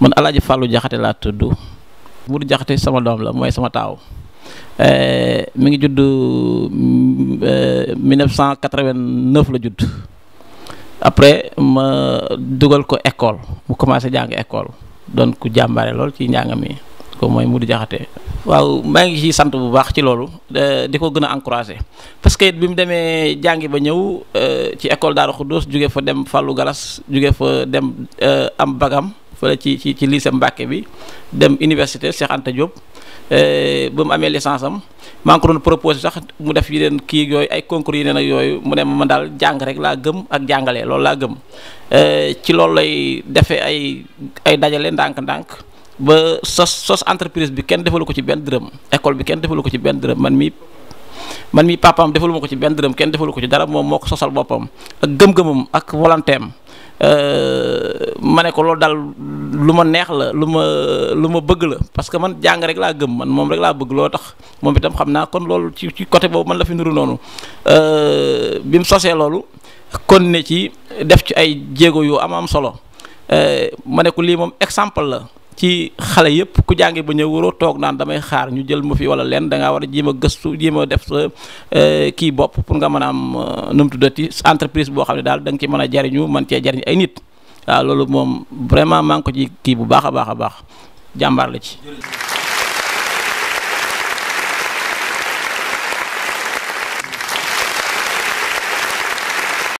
man alaaji fàllu jaxate laa tudd buur jaxate sama doom la mooy sama taaw eh, mi ngi judd 1989 eh, la judd après ma dugal ko école mu commencé jàng école doon ku jàmbaare lool ci njàng mi ko mooy Modou Diakhaté waaw maa ngi ci sant bu baax ci loolu eh, di ko gën a encouragé parce que bi mu demee jàngi ba ñëw ci école Daaru Xuddoos jóge fa dem Fallou Galas jóge fa dem am bagam fële ci ci lii lycée Mbacke bi dem université Cheikh Anta Diop eh, ba mu amee licence am maa ngi ko doon proposé sax mu def leen kii yooyu ay concours yeneen ak yooyu mu ne ma daal jàng rek laa gëm ak jàngale loolu laa gëm eh, ci loolu lay defee ay ay dajale ndànk-ndànk ba sos sos entreprise bi kenn defalu ko ci benn dërëm école bi kenn defalu ko ci benn dërëm man mi man mi papaam defalu ma ko ci benn dërëm kenn defalu ko ci dara moom moo ko sosal boppam ak gëm ak volonté Euh, ma ne ko loolu daal lu ma neex la lu ma lu ma bëgg la parce que man jàng rek laa gëm man moom rek laa bëgg loo tax moom itam xam naa kon loolu ci ci côté boobu man la fi nuru noonu euh, bi mu sosee loolu kon ne ci def ci ay jéego yu am am solo euh, ma ne ko lii moom exemple la. ci xale yëpp ku jàngi ba ñëw waroo toog naan damay xaar ñu jël ma fi wala leen da war a jéem a gëstu jéem a def sa euh, kii bopp pour nga mën a am euh, nu mu tuddati entreprise boo xam ne daal da nga ci mën a jariñu man cee jariñ ay nit waaw loolu moom vraiment maa ngi ko ci kii bu baax a baax a baax jàmbaar la ci.